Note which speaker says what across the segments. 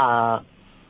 Speaker 1: 啊、uh,，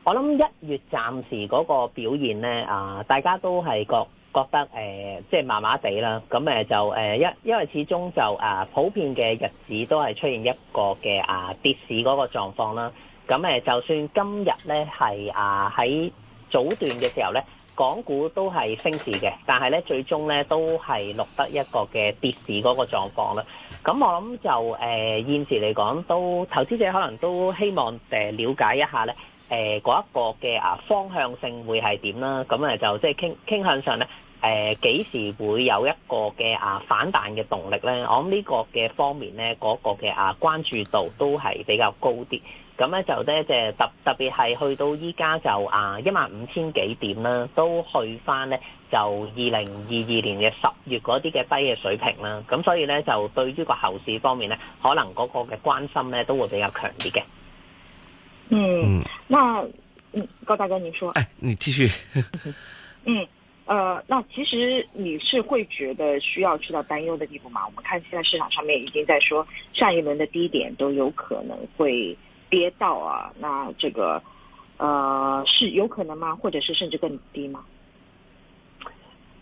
Speaker 1: 我諗一月暫時嗰個表現咧，啊，大家都係覺覺得誒、呃，即係麻麻地啦。咁誒就誒，因、呃、因為始終就、啊、普遍嘅日子都係出現一個嘅啊跌市嗰個狀況啦。咁誒，就算今日咧係啊喺早段嘅時候咧，港股都係升市嘅，但係咧最終咧都係錄得一個嘅跌市嗰個狀況啦。咁我諗就誒、呃、現時嚟講，都投資者可能都希望了解一下咧，誒、呃、嗰一個嘅啊方向性會係點啦。咁就即係、就是、傾，傾向上咧，誒、呃、幾時會有一個嘅啊反彈嘅動力咧？我諗呢個嘅方面咧，嗰個嘅啊關注度都係比較高啲。咁咧就咧，就特特別係去到依家就啊一萬五千幾點啦，都去返咧就二零二二年嘅十月嗰啲嘅低嘅水平啦。咁所以咧就對於個後市方面咧，可能嗰個嘅關心咧都會比較強啲嘅。
Speaker 2: 嗯，那嗯高大哥，你説，哎，你繼續。 嗯，呃，那其實你是會覺得需要去到擔憂的地步嘛？我們看現在市場上面已經在說上一輪嘅低點都有可能會，跌到啊，那這個，呃，是有可能嗎？或者是甚至更低嗎？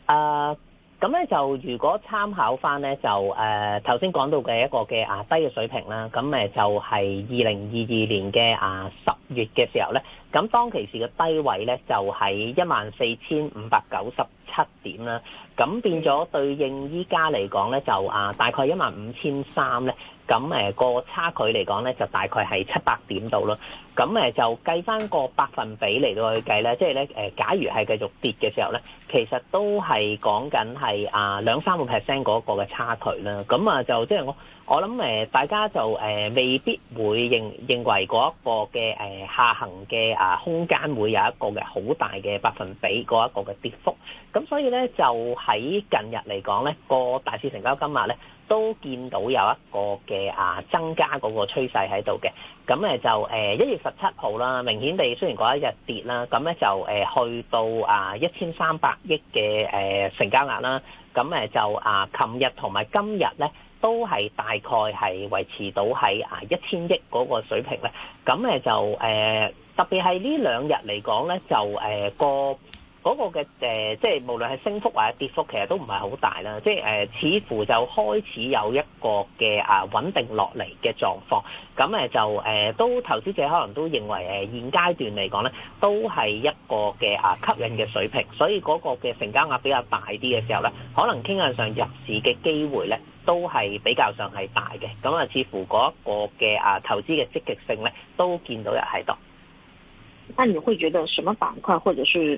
Speaker 1: 呃，咁咧就如果參考翻咧就誒頭先講到嘅一個嘅啊低嘅水平啦，咁誒就係二零二二年嘅啊十月嘅時候咧，咁當其時嘅低位咧就喺一萬四千五百九十七點啦，咁變咗對應依家嚟講咧，就啊大概一萬五千三咧，咁誒個差距嚟講咧，就大概係七百點度咯。咁誒就計翻個百分比嚟到去計咧，即係咧誒，假如係繼續跌嘅時候咧，其實都係講緊係啊兩三個 percent 嗰個嘅差距啦。咁啊就即係我我諗誒，大家就誒未必會認認為嗰一個嘅誒下行嘅啊空間會有一個嘅好大嘅百分比嗰一個嘅跌幅。咁所以咧，就喺近日嚟講咧，個大市成交金額咧，都見到有一個嘅啊增加嗰個趨勢喺度嘅。咁就誒一月十七號啦，明顯地雖然嗰一日跌啦，咁咧就誒去到啊一千三百億嘅誒成交額啦。咁誒就啊，琴日同埋今日咧，都係大概係維持到係啊一千億嗰個水平咧。咁誒就誒特別係呢兩日嚟講咧，就誒個。嗰、那個嘅誒，即係無論係升幅或者跌幅，其實都唔係好大啦。即係誒、呃，似乎就開始有一個嘅啊穩定落嚟嘅狀況。咁誒就誒，都、呃、投資者可能都認為誒現階段嚟講咧，都係一個嘅啊吸引嘅水平。所以嗰個嘅成交額比較大啲嘅時候咧，可能傾向上入市嘅機會咧，都係比較上係大嘅。咁啊，似乎嗰一個嘅啊投資嘅積極性咧，都見到有喺度。
Speaker 2: 但你會覺得什麼板塊或者是？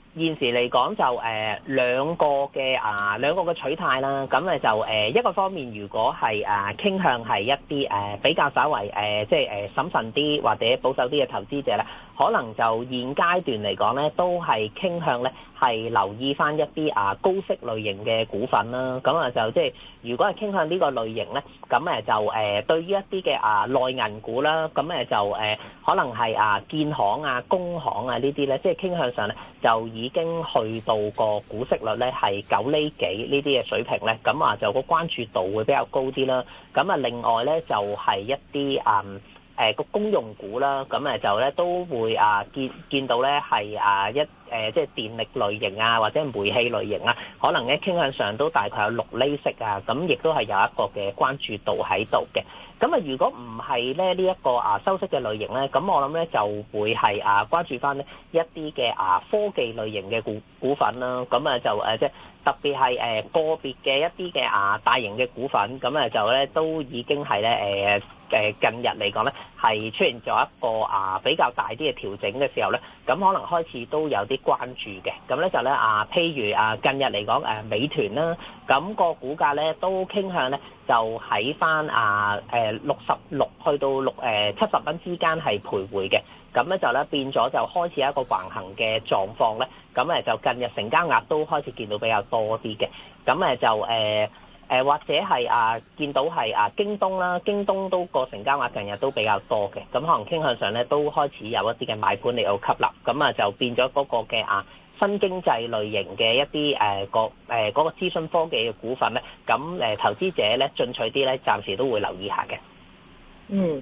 Speaker 1: 現時嚟講就兩個嘅、兩個嘅取態啦，咁就一個方面，如果係傾向係一啲比較稍為審慎啲或者保守啲嘅投資者，可能就現階段嚟講呢，都係傾向係留意返一啲高息類型嘅股份。咁就即係如果係傾向呢個類型，咁就對於一啲嘅內銀股，咁就可能係建行呀、工行呀呢啲，即係傾向上呢就已經去到個股息率咧係九厘幾呢啲嘅水平咧，咁啊就個關注度會比較高啲啦。咁啊，另外咧就係一啲啊誒個公用股啦，咁啊，就咧都會啊見見到咧係啊一誒、呃、即係電力類型啊或者煤氣類型啊，可能咧傾向上都大概有六厘息啊，咁亦都係有一個嘅關注度喺度嘅。咁啊，如果唔係咧，呢一個啊收息嘅類型咧，咁我諗咧就會係啊關注翻咧一啲嘅啊科技類型嘅股股份啦。咁啊就誒即。特別係誒個別嘅一啲嘅啊大型嘅股份，咁啊就咧都已經係咧誒誒近日嚟講咧係出現咗一個啊比較大啲嘅調整嘅時候咧，咁可能開始都有啲關注嘅。咁咧就咧啊，譬如啊近日嚟講誒美團啦，咁個股價咧都傾向咧就喺翻啊誒六十六去到六誒七十蚊之間係徘徊嘅，咁咧就咧變咗就開始一個橫行嘅狀況咧。咁誒就近日成交額都開始見到比較多啲嘅，咁就誒、呃、或者係啊見到係啊京東啦，京東都個成交額近日都比較多嘅，咁可能傾向上咧都開始有一啲嘅買盤嚟到吸納，咁啊就變咗嗰個嘅啊新經濟類型嘅一啲誒個嗰個資訊科技嘅股份咧，咁誒投資者咧進取啲咧，暫時都會留意下嘅。嗯。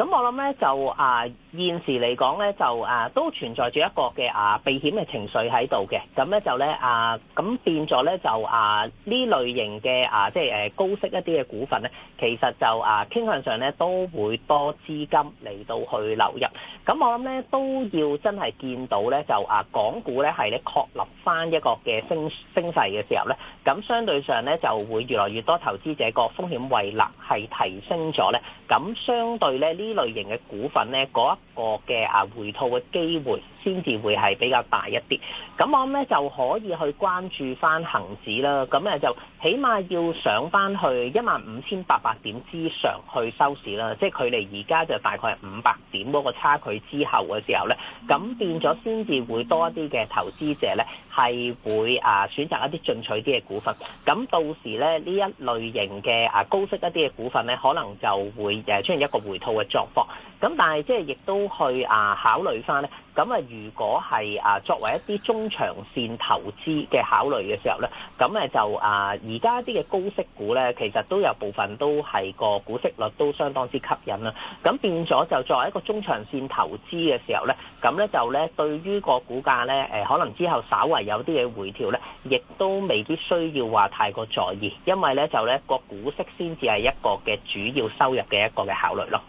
Speaker 1: 咁我諗咧就啊，呃現時嚟講咧，就啊都存在住一個嘅啊避險嘅情緒喺度嘅，咁咧就咧啊咁變咗咧就啊呢類型嘅啊即係誒高息一啲嘅股份咧，其實就啊傾向上咧都會多資金嚟到去流入，咁我諗咧都要真係見到咧就啊港股咧係咧確立翻一個嘅升升勢嘅時候咧，咁相對上咧就會越來越多投資者個風險胃納係提升咗咧，咁相對咧呢類型嘅股份咧一個嘅啊回吐嘅機會先至會係比較大一啲，咁我諗咧就可以去關注翻恒指啦，咁咧就起碼要上翻去一萬五千八百點之上去收市啦，即係距離而家就大概係五百點嗰個差距之後嘅時候咧，咁變咗先至會多一啲嘅投資者咧係會啊選擇一啲進取啲嘅股份，咁到時咧呢一類型嘅啊高息一啲嘅股份咧可能就會誒出現一個回吐嘅狀況，咁但係即係亦，都去啊考慮翻咧，咁啊如果係啊作為一啲中長線投資嘅考慮嘅時候咧，咁咧就啊而家啲嘅高息股咧，其實都有部分都係個股息率都相當之吸引啦。咁變咗就作為一個中長線投資嘅時候咧，咁咧就咧對於個股價咧誒，可能之後稍為有啲嘢回調咧，亦都未必需要話太過在意，因為咧就咧個股息先至係一個嘅主要收入嘅一個嘅考慮咯。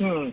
Speaker 1: 嗯。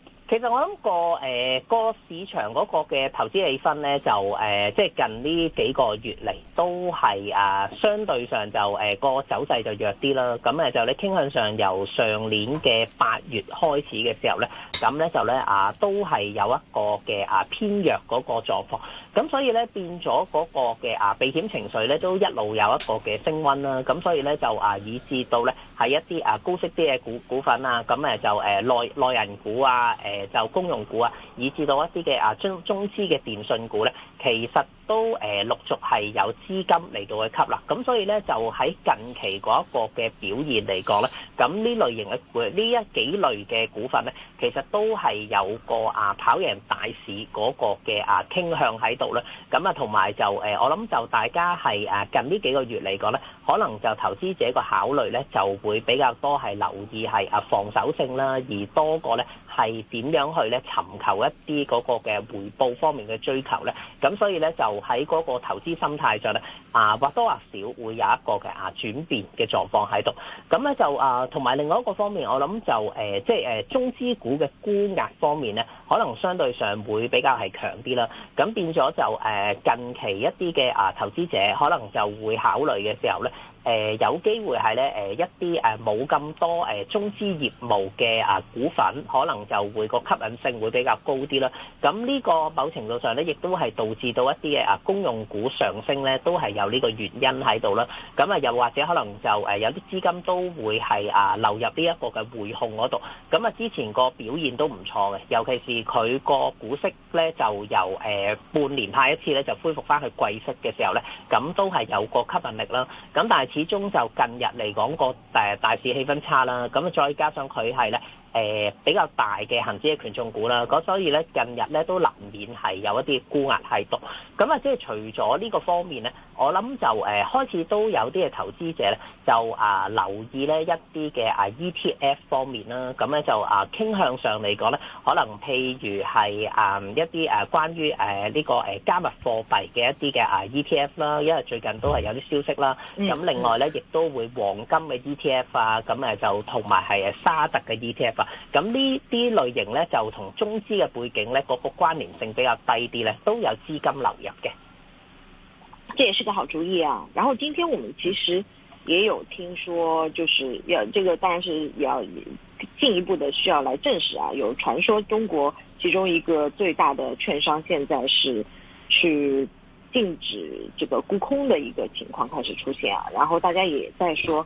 Speaker 1: 其實我諗過，個、呃、市場嗰個嘅投資氣氛咧，就、呃、即係近呢幾個月嚟都係啊，相對上就個、呃、走勢就弱啲啦。咁就你傾向上，由上年嘅八月開始嘅時候咧，咁咧就咧啊，都係有一個嘅啊偏弱嗰個狀況。咁所以咧變咗嗰個嘅啊避險情緒咧都一路有一個嘅升溫啦、啊，咁所以咧就啊以至到咧係一啲啊高息啲嘅股股份啊，咁、啊、誒就誒、啊、內、內人股啊，誒、啊、就公用股啊，以至到一啲嘅啊中中資嘅電訊股咧，其實，都誒陸續係有資金嚟到去吸納啦，咁所以咧就喺近期嗰一個嘅表現嚟講咧，咁呢類型嘅股，呢一幾類嘅股份咧，其實都係有個啊跑贏大市嗰個嘅啊傾向喺度咧，咁啊同埋就誒我諗就大家係誒近呢幾個月嚟講咧，可能就投資者個考慮咧就會比較多係留意係啊防守性啦，而多個咧係點樣去咧尋求一啲嗰個嘅回報方面嘅追求咧，咁所以咧就。喺嗰個投資心態上咧，啊或多或少會有一個嘅啊轉變嘅狀況喺度。咁咧就啊，同埋另外一個方面，我諗就誒，即係誒中資股嘅估壓方面咧，可能相對上會比較係強啲啦。咁變咗就誒、啊，近期一啲嘅啊投資者可能就會考慮嘅時候咧。誒有機會係咧誒一啲誒冇咁多誒中資業務嘅啊股份，可能就會個吸引性會比較高啲啦。咁呢個某程度上咧，亦都係導致到一啲嘅啊公用股上升咧，都係有呢個原因喺度啦。咁啊，又或者可能就誒有啲資金都會係啊流入呢一個嘅匯控嗰度。咁啊，之前個表現都唔錯嘅，尤其是佢個股息咧就由誒半年派一次咧，就恢復翻去季息嘅時候咧，咁都係有個吸引力啦。咁但係，始終就近日嚟講，個誒大市氣氛差啦，咁啊再加上佢係咧。誒、呃、比較大嘅行之恒指嘅權重股啦，咁所以咧近日咧都難免係有一啲沽壓係度，咁啊即係除咗呢個方面咧，我諗就誒、呃、開始都有啲嘅投資者咧就啊留意咧一啲嘅啊 ETF 方面啦，咁咧就啊傾向上嚟講咧，可能譬如係誒一啲誒關於誒呢、啊這個誒加密貨幣嘅一啲嘅啊 ETF 啦，因為最近都係有啲消息啦，咁另外咧亦都會黃金嘅 ETF 啊，咁誒就同埋係沙特嘅 ETF。咁呢啲類型呢，就同中資嘅背景呢，嗰個關聯性比較低啲呢，都
Speaker 2: 有資金流入嘅。這也是個好主意啊！然後今天我們其實也有聽說，就是要，這個當然是要進一步的需要來證實啊。有傳說中國其中一個最大的券商現在是去禁止這個沽空的一個情況開始出現啊，然後大家也在說。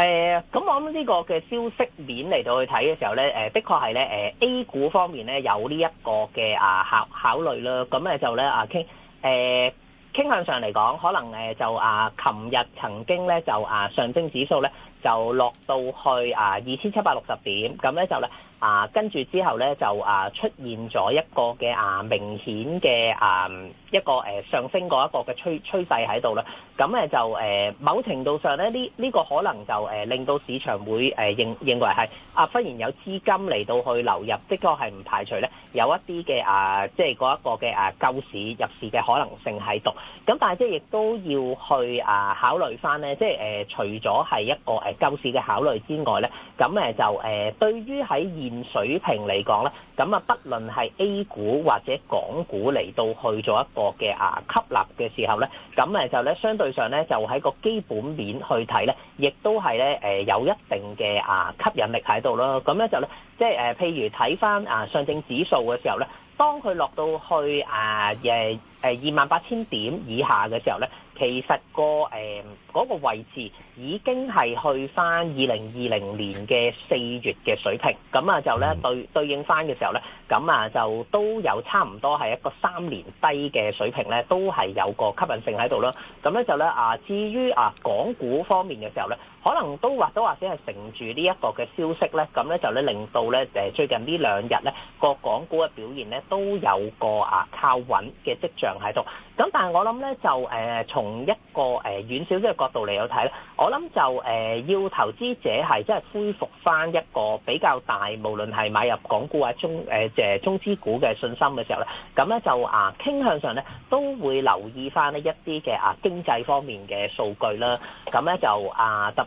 Speaker 2: 誒，咁我諗呢個嘅
Speaker 1: 消息面嚟到去睇嘅時候咧，誒，的確係咧，誒，A 股方面咧有呢一個嘅啊考考慮啦。咁咧就咧啊傾，欸、傾向上嚟講，可能誒就啊，琴日曾經咧就啊上證指數咧就落到去啊二千七百六十點，咁咧就咧。啊，跟住之後咧，就啊出現咗一個嘅啊明顯嘅啊一個誒、啊、上升嗰一個嘅趨趨勢喺度啦。咁就誒、啊、某程度上咧，呢、這、呢、個這個可能就令到、啊、市場會誒認認為係啊忽然有資金嚟到去流入，即係我係唔排除咧有一啲嘅啊即係嗰一個嘅啊救市入市嘅可能性喺度。咁但係即係亦都要去啊考慮翻咧，即係、啊、除咗係一個誒、啊、救市嘅考慮之外咧，咁就誒、啊、對於喺二水平嚟講咧，咁啊，不論係 A 股或者港股嚟到去做一個嘅啊吸納嘅時候咧，咁咧就咧，相對上咧，就喺個基本面去睇咧，亦都係咧誒有一定嘅啊吸引力喺度咯。咁咧就咧，即係誒，譬如睇翻啊上證指數嘅時候咧，當佢落到去啊誒，誒二萬八千點以下嘅時候咧，其實個誒嗰個位置已經係去翻二零二零年嘅四月嘅水平，咁啊就咧對對應翻嘅時候咧，咁啊就都有差唔多係一個三年低嘅水平咧，都係有個吸引性喺度咯。咁咧就咧啊，至於啊港股方面嘅時候咧。可能都或都或者係乘住呢一個嘅消息咧，咁咧就咧令到咧最近呢兩日咧個港股嘅表現咧都有個啊靠穩嘅跡象喺度。咁但係我諗咧就從一個誒遠少少嘅角度嚟有睇咧，我諗就要投資者係即係恢復翻一個比較大無論係買入港股啊中中資股嘅信心嘅時候咧，咁咧就啊傾向上咧都會留意翻呢一啲嘅啊經濟方面嘅數據啦。咁咧就啊特。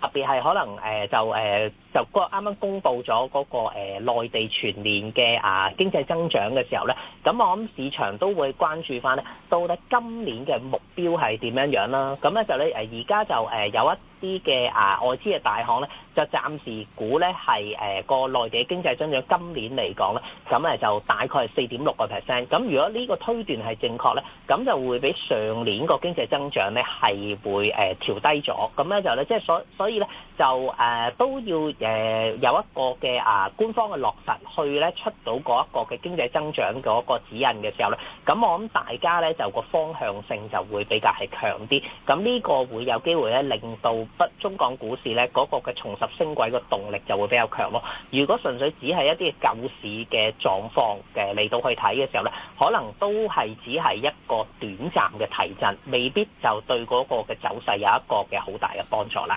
Speaker 1: 特別係可能誒就誒就啱啱公布咗嗰個誒內地全年嘅啊經濟增長嘅時候咧，咁我諗市場都會關注翻咧，到底今年嘅目標係點樣樣啦？咁咧就咧誒而家就誒有一啲嘅啊外資嘅大行咧，就暫時估咧係誒個內地的經濟增長今年嚟講咧，咁誒就大概係四點六個 percent。咁如果呢個推斷係正確咧，咁就會比上年個經濟增長咧係會誒調低咗。咁咧就咧即係所所所以咧就誒都要誒有一個嘅啊官方嘅落實去咧出到嗰一個嘅經濟增長嗰個指引嘅時候咧，咁我諗大家咧就個方向性就會比較係強啲。咁呢個會有機會咧令到不中港股市咧嗰個嘅重拾升軌嘅動力就會比較強咯。如果純粹只係一啲舊市嘅狀況嘅嚟到去睇嘅時候咧，可能都係只係一個短暫嘅提振，未必就對嗰個嘅走勢有一個嘅好大嘅幫助啦。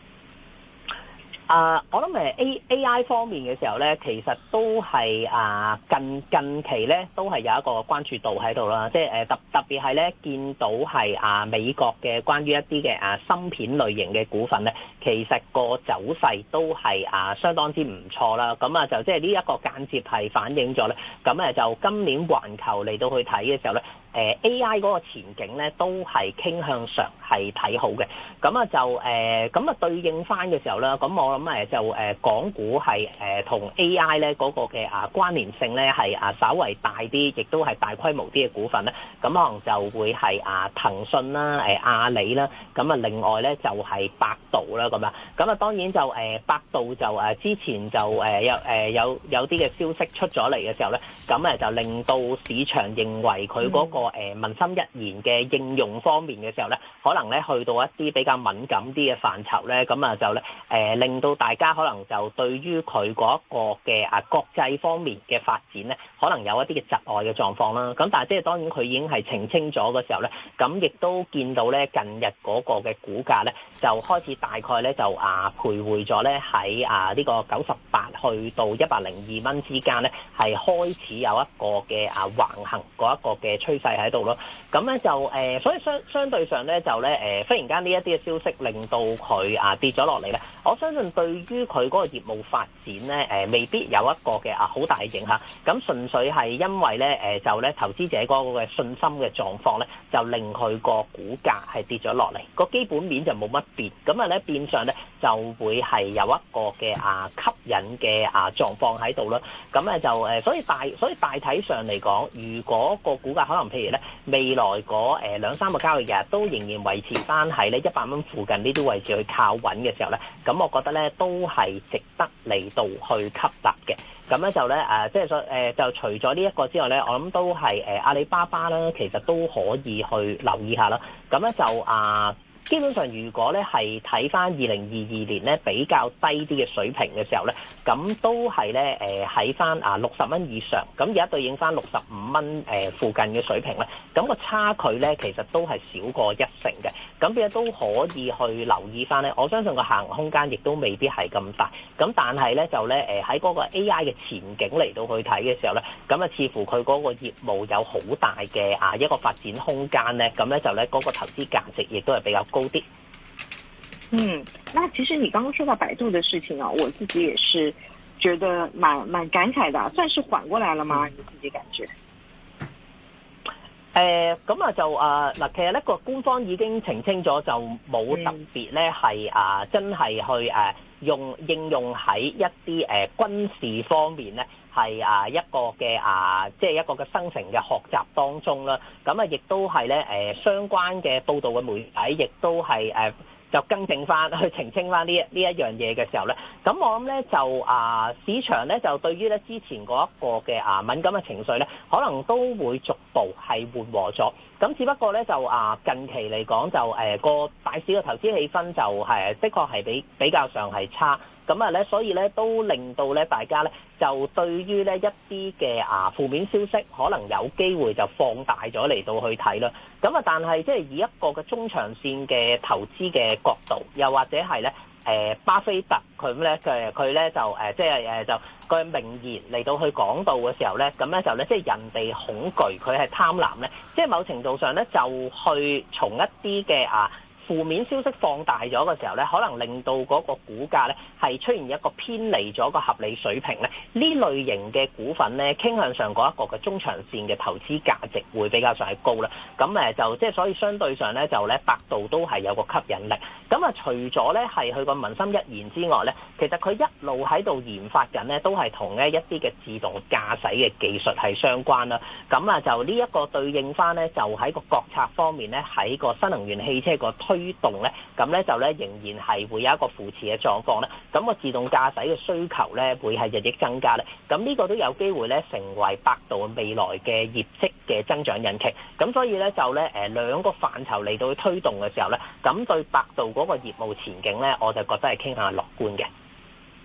Speaker 1: 啊、uh，我諗誒 A A I 方面嘅時候咧，其實都係啊、uh, 近近期咧都係有一個關注度喺度啦，即係誒特特別係咧見到係啊、uh, 美國嘅關於一啲嘅啊芯片類型嘅股份咧，其實個走勢都係啊、uh, 相當之唔錯啦。咁啊就即係呢一個間接係反映咗咧，咁誒就今年環球嚟到去睇嘅時候咧，誒、uh, A I 嗰個前景咧都係傾向上係睇好嘅。咁啊就誒咁啊對應翻嘅時候啦，咁我諗。咁就港股係同 AI 咧嗰個嘅啊關聯性咧係啊稍為大啲，亦都係大規模啲嘅股份咧。咁可能就會係啊騰訊啦、阿里啦。咁啊另外咧就係百度啦咁啊。咁啊當然就誒百度就之前就有有有啲嘅消息出咗嚟嘅時候咧，咁就令到市場認為佢嗰個文心一言嘅應用方面嘅時候咧，可能咧去到一啲比較敏感啲嘅範疇咧，咁啊就咧令到。大家可能就對於佢嗰一個嘅啊國際方面嘅發展咧，可能有一啲嘅窒礙嘅狀況啦。咁但係即係當然佢已經係澄清咗嘅時候咧，咁亦都見到咧近日嗰個嘅股價咧，就開始大概咧就啊徘徊咗咧喺啊呢個九十八去到一百零二蚊之間咧，係開始有一個嘅啊橫行嗰一個嘅趨勢喺度咯。咁咧就誒，所以相相對上咧就咧誒，忽然間呢一啲嘅消息令到佢啊跌咗落嚟咧，我相信。對於佢個業務發展咧，誒未必有一個嘅啊好大嘅影響，咁純粹係因為咧，誒就咧投資者個嘅信心嘅狀況咧，就令佢個股價係跌咗落嚟，個基本面就冇乜變，咁啊咧變相咧。就會係有一個嘅啊吸引嘅啊狀況喺度啦，咁咧就誒，所以大所以大體上嚟講，如果個股價可能譬如咧未來嗰誒兩三個交易日都仍然維持翻喺呢一百蚊附近呢啲位置去靠穩嘅時候咧，咁我覺得咧都係值得嚟到去吸納嘅。咁咧就咧誒，即係誒就除咗呢一個之外咧，我諗都係誒阿里巴巴咧，其實都可以去留意下啦。咁咧就啊～、呃基本上如果咧係睇翻二零二二年咧比較低啲嘅水平嘅時候咧，咁都係咧喺翻啊六十蚊以上，咁而家對應翻六十五蚊附近嘅水平咧，咁個差距咧其實都係少過一成嘅，咁而家都可以去留意翻咧。我相信個下行空間亦都未必係咁大，咁但係咧就咧喺嗰個 AI 嘅前景嚟到去睇嘅時候咧，咁啊似乎佢嗰個業務有好大嘅啊一個發展空間咧，咁咧就咧嗰個投資價值亦都係比較高。高啲。
Speaker 2: 嗯，那其實你剛剛說到百度的事情啊，我自己也是覺得蠻蠻感慨的，啊，算是緩過嚟啦嘛，你自己感覺？誒，咁啊
Speaker 1: 就啊，嗱，其實呢個官方已經澄清咗，就冇特別咧係啊，真係去誒、啊、用應用喺一啲誒、啊、軍事方面咧。係啊，一個嘅啊，即係一個嘅生成嘅學習當中啦。咁啊，亦都係咧誒相關嘅報道嘅媒體，亦都係誒就更正翻，去澄清翻呢一呢一樣嘢嘅時候咧。咁我諗咧就啊，市場咧就對於咧之前嗰一個嘅啊敏感嘅情緒咧，可能都會逐步係緩和咗。咁只不過咧就啊近期嚟講就誒個大市嘅投資氣氛就係的確係比比較上係差。咁啊咧，所以咧都令到咧大家咧就對於咧一啲嘅啊負面消息，可能有機會就放大咗嚟到去睇啦。咁啊，但係即係以一個嘅中長線嘅投資嘅角度，又或者係咧誒巴菲特佢咧嘅佢咧就誒即係誒就嘅名言嚟到去講到嘅時候咧，咁咧就咧即係人哋恐懼佢係貪婪咧，即係某程度上咧就去從一啲嘅啊。負面消息放大咗嘅時候咧，可能令到嗰個股價咧係出現一個偏離咗個合理水平咧。呢類型嘅股份咧，傾向上嗰一個嘅中長線嘅投資價值會比較上係高啦。咁誒就即係所以相對上咧就咧，百度都係有個吸引力。咁啊，除咗咧係佢個文心一言之外咧，其實佢一路喺度研發緊咧，都係同咧一啲嘅自動駕駛嘅技術係相關啦。咁啊就呢一個對應返咧，就喺個國策方面咧，喺個新能源汽車個。推動咧，咁咧就咧仍然係會有一個扶持嘅狀況咧。咁個自動駕駛嘅需求咧，會係日益增加咧。咁呢個都有機會咧，成為百度未來嘅業績嘅增長引擎。咁所以咧，就咧誒兩個範疇嚟到推動嘅時候咧，咁對百度嗰個業務前景咧，我就覺得係傾向樂觀嘅。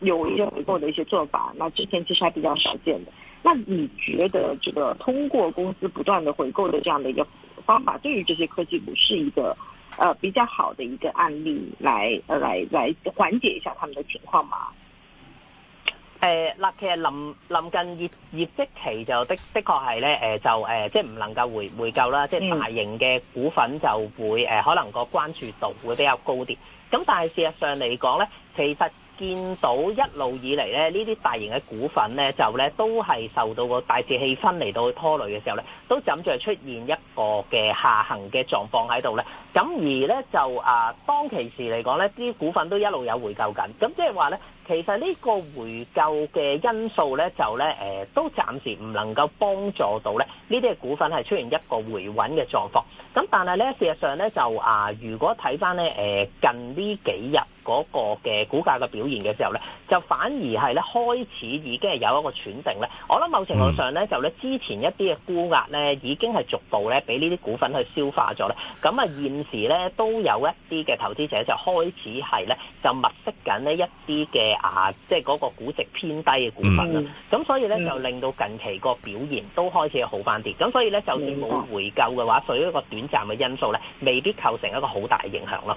Speaker 2: 有一些回購的一些做法，那之前其實還比較少見的。那你覺得這個通過公司不斷的回購的這樣的一個方法，對於這些科技股是一個呃比較好的一個案例來，來來來緩解一下他們的情況嗎？
Speaker 1: 誒，嗱，其實臨臨近業業績期就的的確、呃，就的的確係咧，誒、呃，就誒、是，即係唔能夠回回購啦，即、嗯、係、就是、大型嘅股份就會誒、呃，可能個關注度會比較高啲。咁但係事實上嚟講咧，其實。見到一路以嚟咧，呢啲大型嘅股份咧，就咧都係受到個大市氣氛嚟到拖累嘅時候咧，都諗住出現一個嘅下行嘅狀況喺度咧。咁而咧就啊，當其時嚟講咧，啲股份都一路有回購緊。咁即係話咧，其實呢個回購嘅因素咧，就咧誒，都暫時唔能夠幫助到咧呢啲嘅股份係出現一個回穩嘅狀況。咁但係咧，事實上咧就啊，如果睇返咧誒近呢幾日。嗰、那個嘅股價嘅表現嘅時候咧，就反而係咧開始已經係有一個喘定咧。我諗某程度上咧，就咧之前一啲嘅沽壓咧已經係逐步咧俾呢啲股份去消化咗咧。咁啊現時咧都有一啲嘅投資者就開始係咧就物色緊呢一啲嘅啊，即係嗰個估值偏低嘅股份啦。咁、嗯、所以咧就令到近期個表現都開始好返啲。咁所以咧就算冇回購嘅話，屬於一個短暫嘅因素咧，未必構成一個好
Speaker 2: 大嘅影響咯。